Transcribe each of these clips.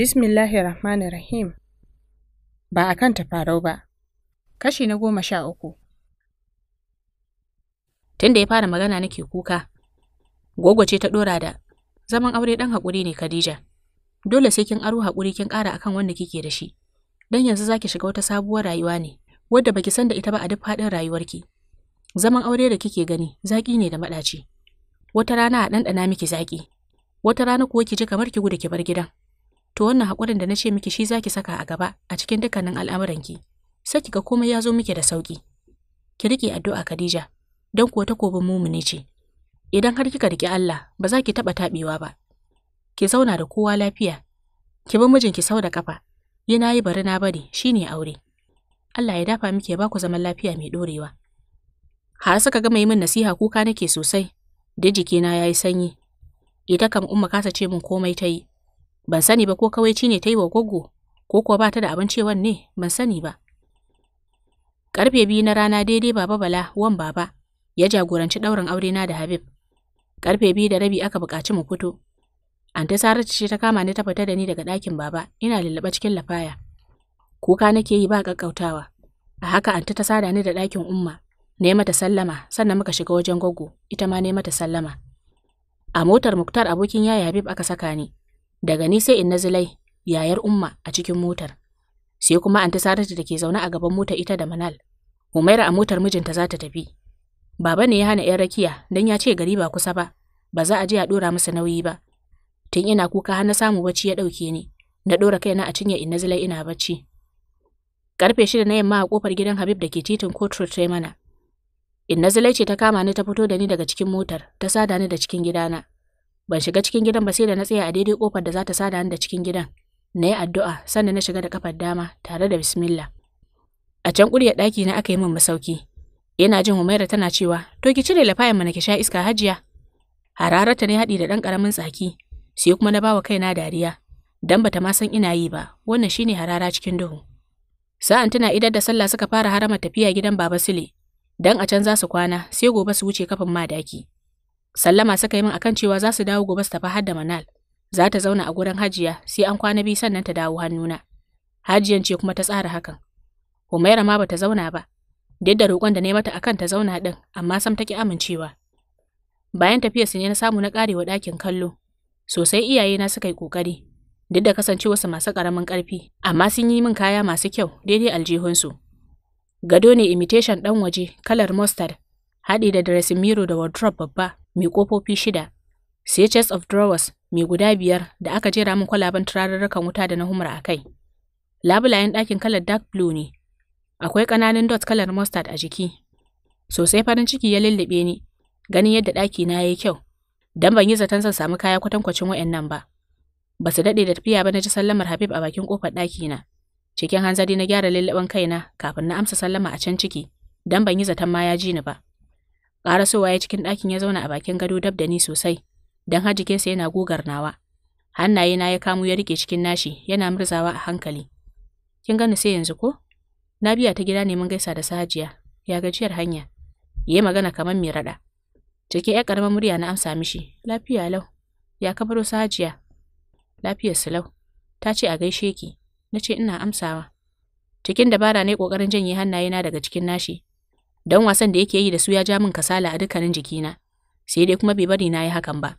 Bismillahi Rahmanir Rahim. Ba a kan tafarau ba. Kashi na goma sha uku. Tun da ya fara magana nake kuka, gogo ce ta ɗora da, zaman aure ɗan haƙuri ne Khadija. Dole sai kin aro haƙuri kin ƙara akan wanda kike da shi. Dan yanzu zaki shiga wata sabuwar rayuwa ne, wadda baki san da ita ba a duk faɗin rayuwarki. Zaman aure da kike gani, zaƙi ne da maɗaci. Wata rana a ɗanɗana miki zaƙi, wata rana kuwa ki ji kamar ki gudu ki bar gidan. to wannan haƙurin da na ce miki shi zaki saka a gaba a cikin dukkanin al'amuranki sai ki ga komai ya zo miki da sauƙi. ki rike addu'a Khadija don kuwa takobin mumuni ce idan har kika rike Allah ba za ki taɓa taɓewa ba ki zauna da kowa lafiya ki bi mijinki sau da kafa yana yi bari na bari Shi shine aure Allah ya dafa miki ya ku zaman lafiya mai ɗorewa. har suka gama yi min nasiha kuka nake sosai da jikina yayi sanyi ita kam umma kasa ce min komai ta yi Ban sani ba ko kawai kawaici ne ta yi wa gwaggo, ko kuwa ba ta da abin cewan ne, ban sani ba. Karfe biyu na rana daidai Baba Bala, wan Baba, ya jagoranci ɗaurin aure na da Habib. Karfe biyu da rabi aka buƙaci mu fito. Anta Saratu ce ta kama ni ta fita da ni daga ɗakin Baba, ina lullaɓa cikin lafaya. Kuka nake yi ba ƙaƙƙautawa. A haka Anta ta sada ni da ɗakin Umma, na mata sallama sannan muka shiga wajen gwaggo ita ma na mata sallama a motar muktar abokin yaya habib aka saka ni Daga ni sai inna zulai yayar umma a cikin motar. Sai kuma anti Saratu da ke zaune a gaban motar ita da Manal. Umaira a motar mijinta za ta tafi. Baba ne ya hana 'yan rakiya don ya ce gari ba kusa ba, ba za a je a dora masa nauyi ba. Tun ina kuka hana na samu bacci ya dauke ni, na ɗora kaina a cinye inna zulai ina bacci. Karfe shida na yamma a kofar gidan Habib da ke titin Kotro mana. Inna zulai ce ta kama ni ta fito da ni daga cikin motar, ta sada ni da cikin gidana. Ban shiga cikin gidan ba sai da na tsaya a daidai kofar da za ta sada da cikin gidan. Na yi addu'a sannan na shiga da kafar dama tare da bismillah. A can ƙuryar ɗaki na aka yi min masauki. Yana jin Humaira tana cewa, "To ki cire lafayan mana ki sha iska hajiya." Hararata ne haɗi da ɗan ƙaramin tsaki, sai kuma na bawa kaina dariya, dan bata ma san ina yi ba, wannan shine harara cikin duhu. Sa'an tana idan da sallah suka fara harama tafiya gidan Baba sile dan a can za su kwana sai gobe su wuce kafin madaki. Sallama suka yi min akan cewa za su dawo gobe su tafi har da Manal. Za ta zauna a gurin Hajiya sai an kwana biyu sannan ta dawo hannuna. Hajiyan ce kuma ta tsara hakan. Humaira ma bata zauna ba. Duk da roƙon da na yi mata akan ta zauna din, amma sam take amincewa. Bayan tafiyar su ne na samu na ƙarewa ɗakin kallo. Sosai iyayena suka yi ƙoƙari, duk da kasancewarsu masu ƙaramin ƙarfi, amma sun yi min kaya masu kyau daidai aljihunsu. Gado ne imitation ɗan waje, kalar mustard, haɗi da dressing mirror da wardrobe babba, mai ƙofofi shida, sai of drawers mai guda biyar da aka jera min kwalaben turarurrukan wuta da na humra a kai. Labulayen ɗakin kalar dark blue ne, akwai ƙananan dot kalar mustard a jiki. Sosai farin ciki ya lullube ni, ganin yadda ɗaki na yayi kyau, dan ban yi zaton zan samu kaya kwatankwacin wayannan ba. Ba su daɗe da tafiya ba na ji sallamar Habib a bakin ƙofar na Cikin hanzari na gyara lulluɓen kaina kafin na amsa sallama a can ciki, dan ban yi zaton ma ya ji ni ba. Ƙarasowa ya cikin ɗakin ya zauna a bakin gado dab da ni sosai, don hajjikinsa yana gugar nawa. Hannaye na ya kamo ya rike cikin nashi yana murzawa a hankali. Kin gani sai yanzu ko? Na biya ta gida ne mun gaisa da sahajiya, ya gajiyar hanya. Ya magana kamar mai raɗa. Cikin ‘yar ƙaramar murya na amsa mishi, lafiya lau, ya kabaro sahajiya. Lafiyar lau, ta ce a gaishe ki, na ce ina amsawa. Cikin dabara ne ƙoƙarin janye hannaye na daga cikin nashi, Don wasan da yake yi da su ya ja min kasala a dukkanin jikina, sai dai kuma bai bari na yi hakan ba.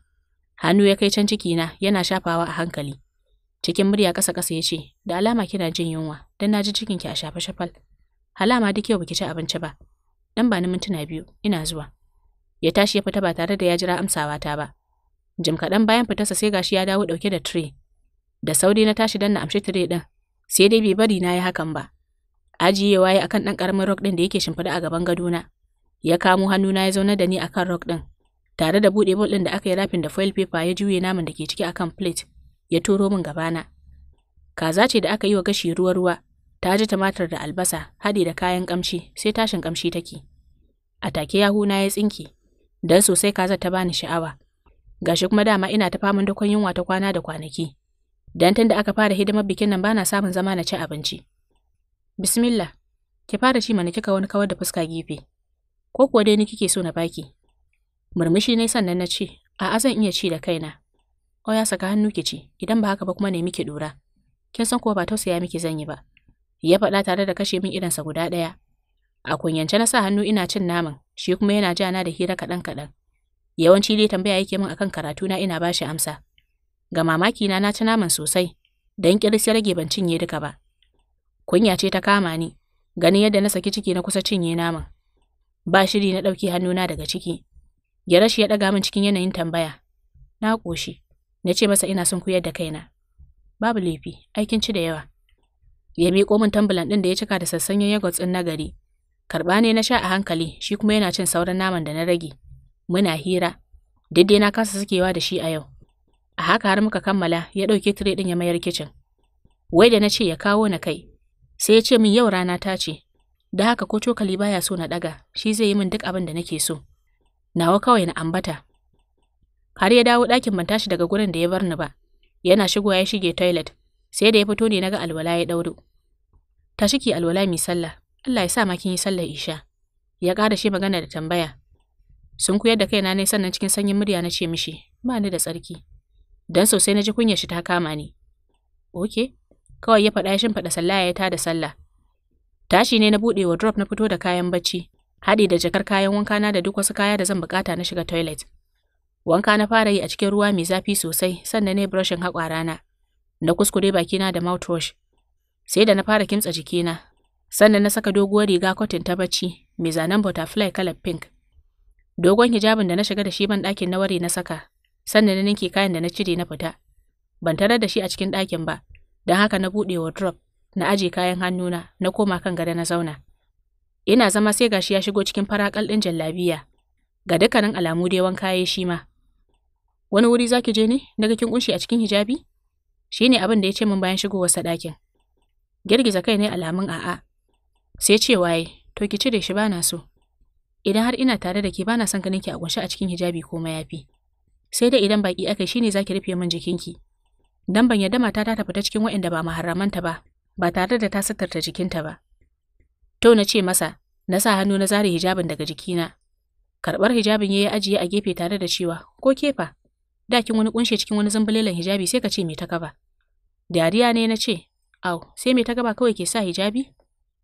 Hannu ya kai can cikina yana shafawa a hankali. Cikin murya ƙasa ƙasa ya ce, da alama kina jin yunwa, dan na ji cikinki a shafe shafal. Halama duk yau baki ci abinci ba. Dan ba ni mintuna biyu, ina zuwa. Ya tashi ya fita ba tare da ya jira amsawa ta ba. Jim kaɗan bayan fitarsa sai gashi ya dawo ɗauke da tire. Da sauri na tashi dan na amshi tire ɗin, sai dai bai bari na yi hakan ba. ajiyewa ya akan ɗan ƙaramin rock ɗin da yake shimfiɗa a gaban gadona. Ya kamo hannuna ya zauna da ni a kan rock ɗin, tare da buɗe bol ɗin da aka yi rafin da foil paper ya juye namun da ke ciki kan plate, ya turo min gabana. Kaza ce da aka yi wa gashi ruwa-ruwa, ta ji tumatir da albasa, hadi da kayan ƙamshi, sai tashin ƙamshi take. A take yahuna ya tsinke, Dan sosai kaza ta bani sha'awa. Gashi kuma dama ina ta faman dakon yunwa ta kwana da kwanaki. Dan tun da aka fara hidimar bikin nan ba na samun zama na ci abinci. Bismillah, ki fara ci mana kika wani kawar da fuska gefe. Ko kuwa dai ni kike so na baki? Murmushi ne sannan na ce, a'a zan iya ci da kaina. O ya saka hannu ki ci, idan ba haka ba kuma ne miki dora. Kin san kuwa ba tausaya miki zan yi ba. Ya faɗa tare da kashe min idansa guda ɗaya. A kunyance na sa hannu ina cin naman, shi kuma yana jana da hira kaɗan kaɗan. Yawanci dai tambaya yake min akan karatu na ina bashi amsa. Ga mamaki na na ci naman sosai, don ƙiris rage ban cinye duka ba. Kunya ce ta kama ni, ganin yadda na saki ciki na kusa cinye naman. Ba shiri na ɗauki hannuna daga ciki. Yarashi ya ɗaga min cikin yanayin tambaya. Na koshi. na ce masa ina son kuyar da kaina. Babu laifi, aikin ci da yawa. Ya miƙo min tambulan ɗin da ya cika da sassanyen yagwat ɗin nagari. gari. Karɓa ne na sha a hankali, shi kuma yana cin sauran naman da na rage. Muna hira, daidai na kasa sakewa da shi a yau. A haka har muka kammala ya ɗauke tire ɗin ya mayar kicin. Wai da na ce ya kawo na kai, Sai ya ce min yau rana ta ce, da haka ko cokali baya so na daga shi zai yi min duk abin da nake so. Nawa kawai na ambata. Har ya dawo ɗakin ban tashi daga gurin da ya bar ni ba. Yana shigowa ya shige toilet, sai da ya fito ne naga alwala ya ɗauro. Tashi ki alwala mi sallah, Allah ya sa ma kin yi sallar isha. Ya ƙara shi magana da tambaya. Sun kuyar da kaina ne sannan cikin sanyin murya na ce mishi, ba ni da tsarki. Dan sosai na ji kunyar shi ta kama ni. Oke, okay. Kawai ya faɗa ya shimfiɗa Sallah ya da sallah. Tashi ne na buɗe wa drop na fito da kayan bacci, haɗi da jakar kayan wanka na da duk wasu kaya da zan buƙata na shiga toilet. Wanka na fara yi a cikin ruwa mai zafi sosai, sannan ne yi brushin haƙwara na. Na kuskure bakina da mouthwash. Sai da na fara kimtsa jikina, sannan na saka doguwar riga kotin ta bacci mai zanen butterfly kalar pink. Dogon hijabin da na shiga da shi ban ɗakin na ware na saka, sannan na ninke kayan da na cire na fita. Ban tarar da shi a cikin ɗakin ba, Don haka na buɗe wardrobe, na aje kayan hannuna, na koma kan gada na zauna. Ina zama sai gashi ya shigo cikin farakal ɗin jallabiya. Ga dukkanin alamu dai wanka ya shi ma. Wani wuri za ki je ne? Na ga kin kunshi a cikin hijabi? Shi ne abin da ya ce min bayan shigowarsa ɗakin. Girgiza kai ne alamun a'a. Sai cewa yai, to ki cire shi bana so. Idan har ina tare da ke bana son ganin ki a kunshi a cikin hijabi ko mayafi. Sai dai idan baki aka shi ne za ki rufe min jikinki. dan ban yadda mata ta tafi ta cikin waɗanda ba maharamanta ba, ba tare da ta suturta jikinta ba. To na ce masa, na sa hannu na zare hijabin daga jikina. Karɓar hijabin ya yi ajiye a gefe tare da cewa, ko kefa, Da kin wani kunshe cikin wani zambulelan hijabi sai ka ce me ta kaba. Dariya ne na ce, au, sai mai ta gaba kawai ke sa hijabi?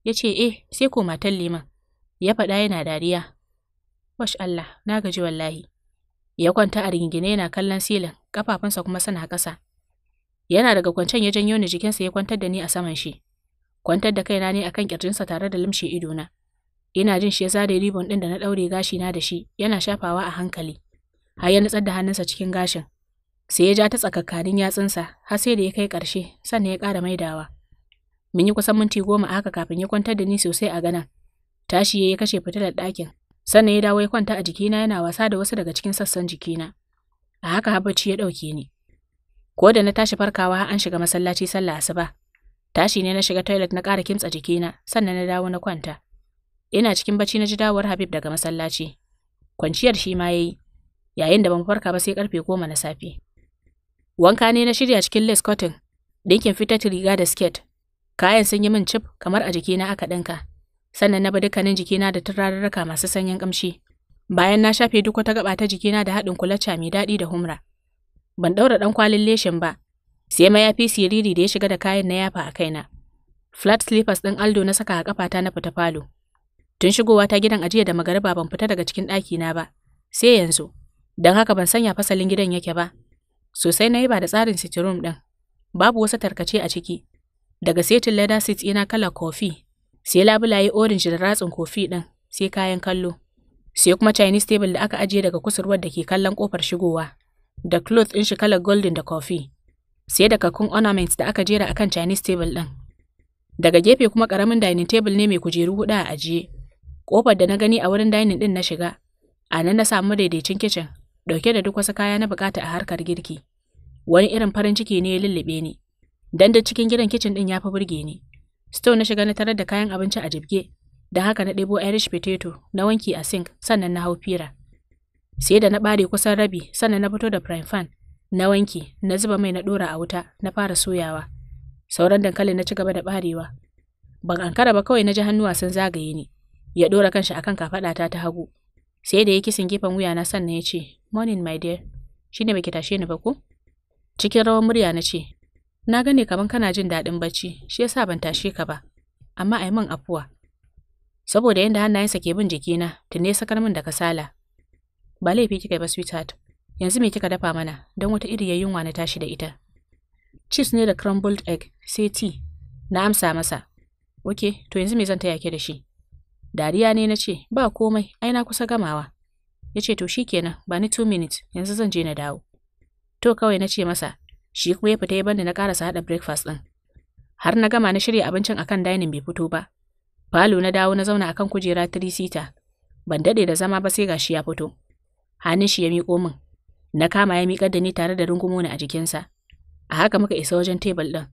Ya ce, eh, sai ko matan liman. Ya faɗa yana dariya. Wash Allah, na gaji wallahi. Ya kwanta a rigingine yana kallon silin, kafafunsa kuma suna ƙasa. Yana daga kwancen ya janyo ni jikinsa ya kwantar da ni a saman shi. Kwantar da kaina ne akan kirjinsa tare da limshe idona. Ina jin shi ya zare ribon ɗin da na ɗaure gashi na da shi, yana shafawa a hankali. Har ya nutsar da hannunsa cikin gashin. Sai ya ja ta tsakakkanin yatsunsa, har sai da ya kai ƙarshe, sannan ya ƙara maidawa. Mun yi kusan minti goma a haka kafin ya kwantar da ni sosai a ganan. Tashi ya kashe fitilar ɗakin, sannan ya dawo ya kwanta a jikina yana wasa da wasu daga cikin sassan jikina. A haka habacci ya ɗauke ni. Ko da na tashi farkawa har an shiga masallaci sallah asuba. Tashi ne na shiga toilet na ƙara kimtsa jikina, sannan na dawo na kwanta. Ina cikin bacci na ji dawowar Habib daga masallaci. Kwanciyar shi ma yayi. Yayin da ban farka ba sai karfe goma na safe. Wanka ne na shirya cikin lace cotton, ɗinkin fitar riga da skirt. Kayan sun yi min cif kamar a jikina aka ɗinka. Sannan na bi dukkanin jikina da turarurruka masu sanyin kamshi. Bayan na shafe duk wata gaba ta jikina da haɗin kulacca mai daɗi da humra. ban ɗaura ɗan kwalin leshin ba, sai mayafi siriri da ya shiga da kayan na yafa a kaina. Flat slippers ɗin Aldo na saka a ƙafata na fita falo. Tun shigowa ta gidan ajiya da magariba ban fita daga cikin ɗakina ba, sai yanzu, don haka ban sanya fasalin gidan yake ba. Sosai na yi ba da tsarin sitirum ɗin, babu wasu tarkace a ciki. Daga setin leather seats ina kalar kofi, sai labulaye orange da ratsin kofi ɗin, sai kayan kallo. Sai kuma Chinese table da aka ajiye daga kusurwar da ke kallon ƙofar shigowa. da cloth ɗin shi kalar golden da coffee, sai da kakkun ornaments da aka jera akan Chinese table ɗin. Daga gefe kuma ƙaramin dining table ne mai kujeru huɗu a ajiye. Ƙofar da na gani a wurin dining ɗin na shiga, a nan na samu daidaicin kicin, ɗauke da duk wasu kaya na buƙata a harkar girki. Wani irin farin ciki ne ya lullube ni. Dan da cikin gidan kicin ɗin ya fi burge ni. Store na shiga na tarar da kayan abinci a jibge, da haka na ɗebo Irish potato na wanki a sink sannan na hau fira. Sai da na ɓare kusan rabi sannan na fito da prime fan, na wanke, na zuba mai na ɗora a wuta, na fara soyawa. Sauran dankalin na ci gaba da ɓarewa. Ban ankara ba kawai na ji hannuwa sun zagaye ni, ya ɗora kanshi akan kafaɗata ta hagu. Sai da ya kisan gefen wuya na sannan ya ce, Morning my dear, shi baki tashe ni ba ko? Cikin rawar murya na ce, Na gane kaman kana jin daɗin bacci, shi yasa ban tashe ka ba, amma ai min afuwa. Saboda yadda hannayensa ke bin jikina, tunne sakar min da kasala, ba laifi kika yi ba sweetheart yanzu me kika dafa mana don wata iri ya yunwa na tashi da ita cheese ne da crumbled egg sai tea na amsa masa ok to yanzu me zan taya ke da shi dariya ne na ce ba komai ai na kusa gamawa ya ce to shikenan ba ni 2 minutes yanzu zan je na dawo to kawai na ce masa shi kuma ya fita ya banda na karasa hada breakfast din har na gama na shirya abincin akan dining bai fito ba falo na dawo na zauna akan kujera 3 seater ban daɗe da zama ba sai gashi ya fito hannun shi ya miƙo min. Na kama ya miƙar da ni tare da rungumo ni a jikinsa. A haka muka isa wajen tebul ɗin.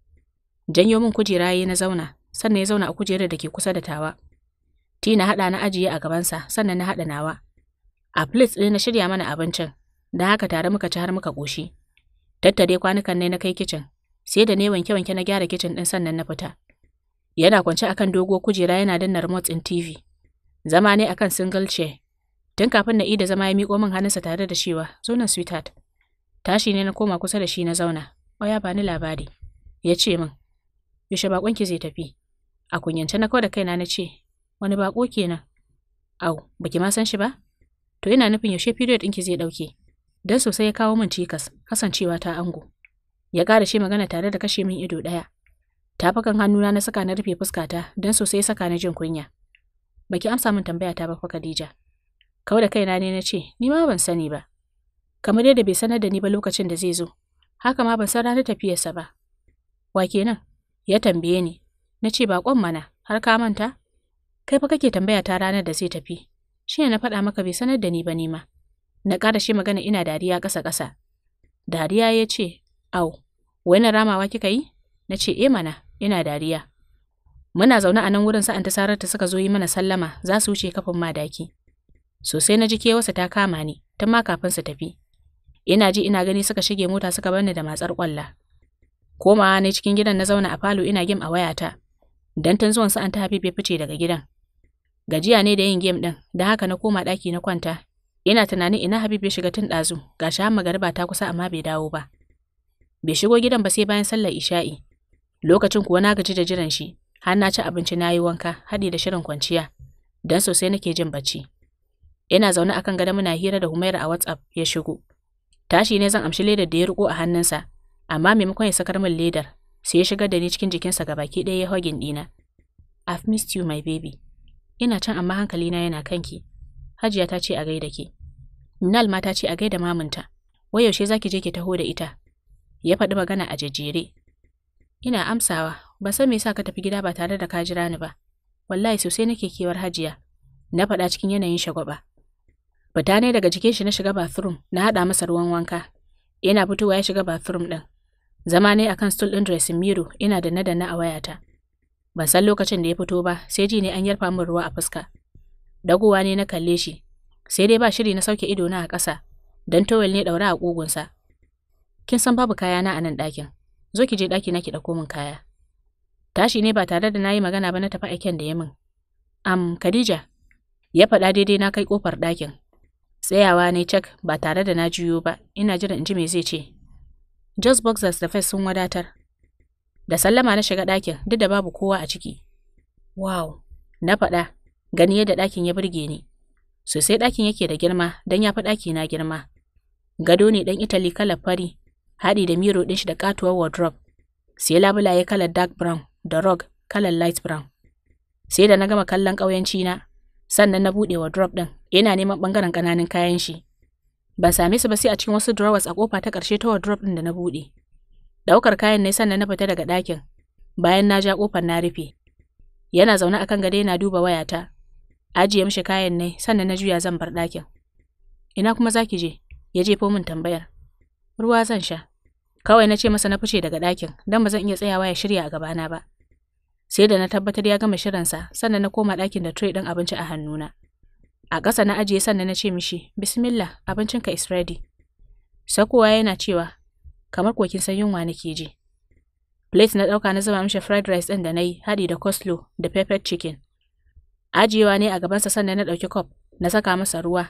Janyo min kujera ya na zauna, sannan ya zauna a kujerar da ke kusa da tawa. Ti na haɗa na ajiye a gabansa, sannan na haɗa nawa. A plates ɗin na shirya mana abincin, da haka tare muka ci har muka ƙoshi. Tattare kwanukan ne na kai kicin, sai da ne wanke-wanke na gyara kicin ɗin sannan na fita. Yana kwance akan dogo kujera yana danna remote ɗin TV. Zama ne akan single chair, Tun kafin na ida zama ya miƙo min hannunsa tare da cewa, zo nan sweetheart. Tashi ne na koma kusa da shi na zauna. Oya bani labari. Ya ce min, yaushe baƙonki zai tafi. A kunyance na kawai da kaina na ce, wani bako kenan. Au, baki ma san shi ba? To ina nufin yaushe period ɗinki zai ɗauke. Dan sosai ya kawo min cikas, kasancewa ta ango. Ya ƙara shi magana tare da kashe min ido ɗaya. Tafakan hannuna na saka na rufe fuskata don sosai saka na jin kunya. Baki amsa min tambaya ta ba fa Khadija. Kau da kaina ne na ce, ni ma ban sani ba. Kamar yadda bai sanar da ni ba lokacin da zai zo, haka ma ban san ranar tafiyarsa ba. Wa kenan? Ya tambaye ni. Na ce baƙon mana, har ka manta? Kai fa kake tambaya ta ranar da zai tafi. Shi na faɗa maka bai sanar da ni ba ni ma. Na ƙara shi magana ina dariya ƙasa-ƙasa. Dariya ya ce, au, wai na ramawa kika yi? Na ce, e mana, ina dariya. Muna zaune a nan wurin sa'an ta sarar suka zo yi mana sallama za su wuce kafin madaki. Sosai na ji kewarsa ta kama ni, tun ma kafin su tafi. Ina ji ina gani suka shige mota suka bar ni da matsar kwalla. Komawa ne cikin gidan na zauna a falo ina game a wayata. Dan tun zuwan su an ta habibe fice daga gidan. Gajiya ne da yin game din, da haka na koma ɗaki na kwanta. Ina tunanin ina Habibu ya shiga tun ɗazu, shi har magariba ta kusa amma bai dawo ba. Bai shigo gidan ba sai bayan sallar isha'i. Lokacin kuwa na gaji da jiran shi, har na ci abinci na yi wanka, haɗi da shirin kwanciya, dan sosai nake jin bacci. Yana zaune a kan gado muna hira da Humaira a WhatsApp ya shigo. Tashi ne zan amshi ledar da ya riko a hannunsa, amma maimakon ya sakar min ledar, sai ya shigar da ni cikin jikinsa ga baki ɗaya ya hogin ɗina. I've missed you my baby. Ina can amma hankalina yana kanki. Hajiya ta ce a gaida ke. Nal ma ta ce a gaida mamunta. Wai yaushe zaki je ki taho da ita? Ya faɗi magana a jejjere. Ina amsawa, ban san me yasa ka tafi gida ba tare da ka jira ni ba. Wallahi sosai nake kewar Hajiya. Na faɗa cikin yanayin shagwaba. Fita ne daga jikin shi na shiga bathroom na haɗa masa ruwan wanka. Yana fitowa ya shiga bathroom ɗin. Zama ne akan stool ɗin dressing mirror ina da na a wayata. Ban san lokacin da ya fito ba, sai ji ne an yarfa min ruwa a fuska. Dagowa ne na kalle shi, sai dai ba shiri na sauke ido na a ƙasa, don towel ne daura a ƙugunsa. Kin san babu kayana a nan ɗakin, zo ki je ɗaki na ki ɗauko min kaya. Tashi ne ba tare da na yi magana ba na tafi aiken da ya min. Am, Khadija, ya faɗa daidai na kai ƙofar ɗakin, Tsayawa ne cak ba tare da na juyo ba, ina jira in ji me zai ce. Just boxers da fes sun wadatar. Da sallama na shiga ɗakin duk da babu kowa a ciki. Wow, na faɗa, gani yadda ɗakin ya burge ni. Sosai ɗakin yake da girma don ya fi ɗaki na girma. Gado ne ɗan Italy kalar fari, haɗi da miro ɗin shi da katuwar wardrobe. Sai labulaye kalar dark brown da rock kalar light brown. Sai da na gama kallon ƙauyenci na, sannan na buɗe drop ɗin yana neman ɓangaren ƙananan kayan shi ban same su ba sai a cikin wasu drawers a kofa ta ƙarshe ta wardrobe ɗin da na buɗe ɗaukar kayan ne sannan na fita daga ɗakin bayan na ja ƙofar na rufe yana zaune akan gado yana duba wayata ajiye mishi kayan ne sannan na juya zan bar ɗakin ina kuma zaki je ya jefo min tambayar ruwa zan sha kawai na ce masa na fice daga ɗakin don ba zan iya tsayawa ya shirya a gabana ba Sai da na tabbatar ya gama shirinsa, sannan na koma ɗakin da tray ɗin abinci a hannuna. A ƙasa na ajiye sannan na ce mishi, Bismillah, abincinka is ready. Sakowa yana cewa, kamar kokin san yunwa na ke ji. Plate na ɗauka na zama mishi fried rice ɗin da na yi, haɗi da coslo da peppered chicken. Ajiyewa ne a gabansa sannan na ɗauki cup, na saka masa ruwa,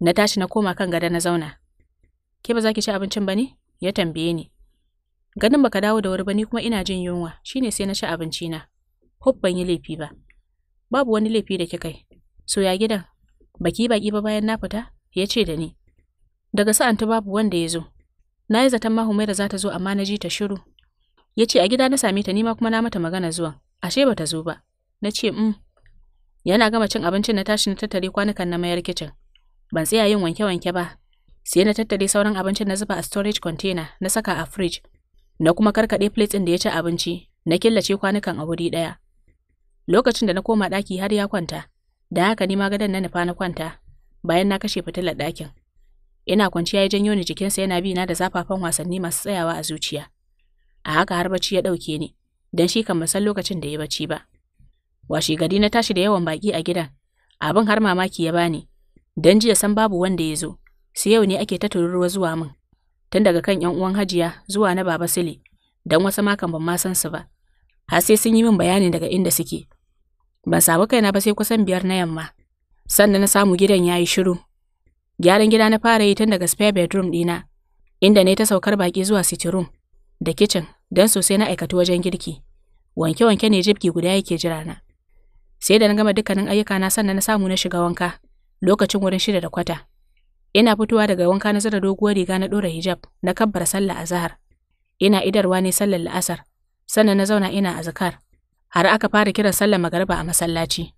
na tashi na koma kan gada na zauna. Ke ba za ki ci abincin ba ne? Ya tambaye ni. Ganin baka dawo da wuri ba ni kuma ina jin yunwa, shine sai na ci abinci na. ko ban yi laifi ba babu wani laifi da kika yi so ya gidan baki baki ba bayan na fita ya ce da ni daga sa'anta babu wanda ya zo na yi zaton mahumaira za ta zo amma na ji ta shiru ya ce a gida na same ta nima kuma na mata magana zuwa ashe ba ta zo ba na ce mm yana gama cin abincin na tashi na tattare kwanukan na mayar kicin ban tsaya yin wanke-wanke ba sai na tattare sauran abincin na zuba a storage container na saka a fridge na kuma karkaɗe plate din da ya ci abinci na killace kwanukan a wuri ɗaya Lokacin da na koma ɗaki har ya kwanta, da haka ni ma gadon na nufa na kwanta, bayan na kashe fitilar ɗakin. Ina kwanciya ya janyo ni jikinsa yana bi na da zafafan wasanni masu tsayawa a zuciya. A haka har bacci ya ɗauke ni, don shi kan san lokacin da ya bacci ba. Washi gari na tashi da yawan baki a gidan, abin har mamaki ya bani, don jiya san babu wanda ya zo, sai yau ne ake ta tururuwa zuwa min. Tun daga kan 'yan uwan hajiya zuwa na baba sile don wasu makan ban ma san su ba. Har sai sun yi min bayani daga inda suke, Ban samu kaina ba sai kusan biyar na yamma. Sannan na samu gidan ya yi shiru. Gyaran gida na fara yi tun daga spare bedroom ɗina, inda ne ta saukar baƙi zuwa sitting room da kitchen don sosai na aikatu wajen girki. Wanke-wanke ne jibgi guda yake jira na. Sai da na gama dukkanin ayyuka na sannan na samu na shiga wanka lokacin wurin shida da kwata. Ina fitowa daga wanka na zara doguwar riga na ɗora hijab na kabbara sallah zahar. Ina idarwa ne sallar la'asar, sannan na zauna ina azkar. har aka fara kiran sallar magariba a masallaci.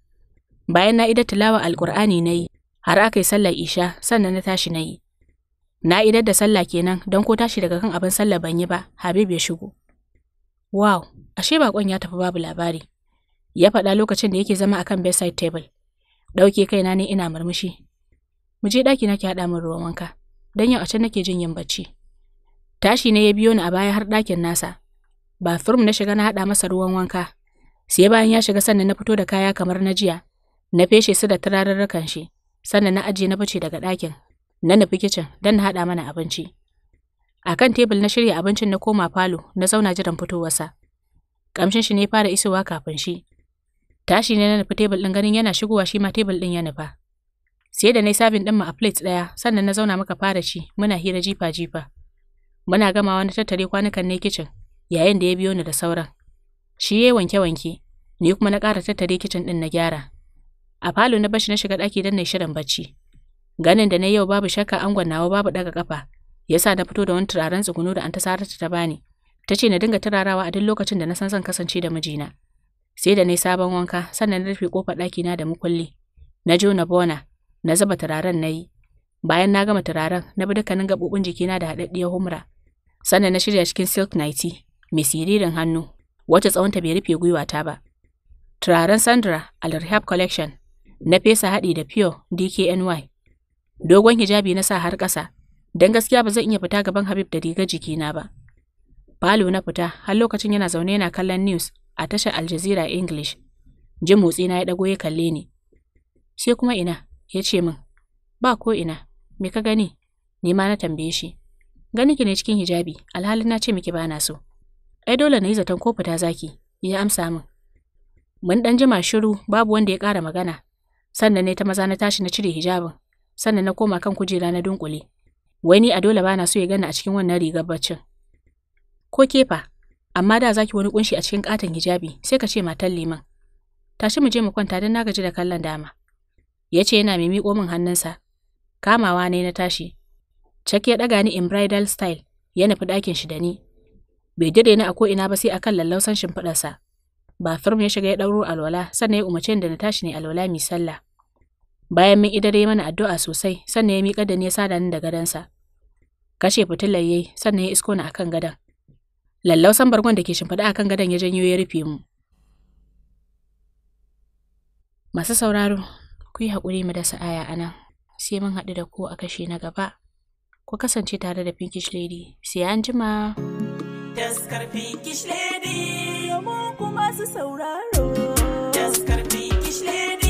Bayan na ida tilawa alkur'ani na yi, har aka yi sallar isha sannan na tashi na yi. Na idar da sallah kenan don ko tashi daga kan abin sallah ban yi ba, Habib ya shigo. Wow, ashe bakon ya tafi babu labari. Ya faɗa lokacin da yake zama akan bedside table. Ɗauke kaina ne ina murmushi. Mu je ɗaki nake haɗa min ruwan wanka, don yau a can nake jin yin bacci. Tashi ne ya biyo ni a baya har ɗakin nasa. Ba Bathroom na shiga na haɗa masa ruwan wanka, Sai bayan ya shiga sannan na fito da kaya kamar na jiya, na feshe su da turarurrukan shi, sannan na ajiye na bace daga ɗakin, na nufi kicin don na haɗa mana abinci. A kan tebul na shirya abincin na koma falo na zauna jiran fitowarsa. ƙamshin shi ne fara isowa kafin shi. Tashi ne na nufi tebul ɗin ganin yana shigowa shi ma tebul ɗin ya nufa. Sai da na yi sabin ɗin mu a plate ɗaya sannan na zauna muka fara ci muna hira jifa-jifa. Muna gama wani tattare kwanukan ne kicin yayin da ya biyo ni da sauran. Shi ya yi wanke-wanke, ni kuma na ƙara tattare kicin ɗin na gyara. A falo na bashi na shiga ɗaki don na shirin bacci. Ganin da na yau babu shakka angon nawa babu ɗaga ƙafa, ya sa na fito da wani turaren tsugunu da ta Saratu ta bani. Ta ce na dinga turarawa a duk lokacin da na san zan kasance da mijina. Sai da na yi sabon wanka, sannan na rufe ƙofar ɗakina da mukulli. Na jo na bona, na zuba turaren na yi. Bayan na gama turaren, na bi dukkanin gaɓoɓin jikina da haɗaɗɗiyar humra. Sannan na shirya cikin silk nighty, mai siririn hannu, wacce tsawonta bai rufe gwiwata ba. Turaren Sandra Al-Rehab Collection na fesa haɗi da Pure DKNY. Dogon hijabi na sa har ƙasa, don gaskiya ba zan iya fita gaban Habib da riga jikina ba. Falo na fita har lokacin yana zaune yana kallon news a tashar Al Jazeera English. Jin motsi na ya ɗago ya kalle ni. Sai kuma ina, ya ce min, ba ko ina, me ka gani? Ni ma na tambaye shi. Gani ki ne cikin hijabi, alhalin na ce miki bana so. Ai dole na yi zaton ko fita zaki, ya amsa min. Mun ɗan jima shiru babu wanda ya ƙara magana. Sannan ne ta maza na tashi na cire hijabin. Sannan na koma kan kujera na dunkule. Wai ni a dole bana so ya gana a cikin wannan rigar baccin. Ko kefa, amma da zaki wani kunshi a cikin katon hijabi sai ka ce matan liman. Tashi mu je mu kwanta don na gaji da kallon dama. Ya ce yana mai miƙo min hannunsa. Kamawa ne na tashi. Cak ya ɗaga ni in bridal style ya nufi ɗakin shi da ni Bai jire ni a ko'ina ba sai akan lallausan shimfiɗarsa. Ba firm ya shiga ya ɗauro alwala sannan ya umarce da na tashi ne alwala mai sallah. Bayan mun idare mana addu'a sosai sannan ya miƙa da ni ya sada ni da gadonsa. Kashe fitilar yayi sannan ya isko ni akan gadan Lallausan bargon da ke shimfiɗa akan gadon ya janyo ya rufe mu. Masu sauraro, ku yi haƙuri mu dasa aya a nan, sai mun haɗu da ku a kashe na gaba. Ku kasance tare da Pinkish Lady, sai an jima. Taskar Pinkish Lady. Domin kuma su sauraro. Taskar Pinkish